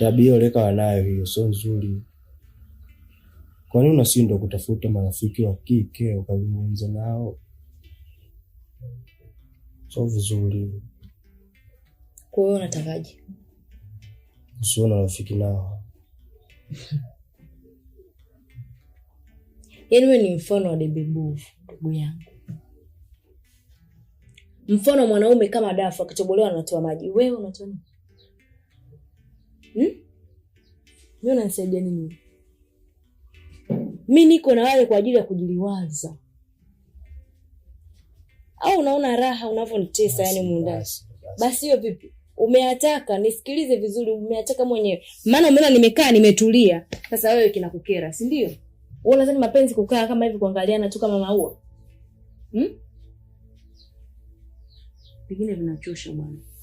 Tabia Oleka nayo hiyo, sio nzuri. Kwa nini unashindwa kutafuta marafiki wa kike ukazungumza nao? Sio vizuri. Kwa hiyo unatakaje usio na rafiki nao? Yaani wewe ni mfano wa debe bovu, ndugu yangu, mfano mwanaume kama dafu akichobolewa anatoa maji, wewe unatoa nini? hmm? unanisaidia nini? Mimi niko na wale kwa ajili ya kujiliwaza, au unaona raha unavyonitesa? Yani muundani basi, hiyo vipi? Umeataka nisikilize vizuri, umeataka mwenyewe, maana umeona nimekaa nimetulia. Sasa wewe kinakukera, si ndio? Wewe unadhani mapenzi kukaa kama hivi kuangaliana tu kama maua hmm? Vingine vinachosha bwana.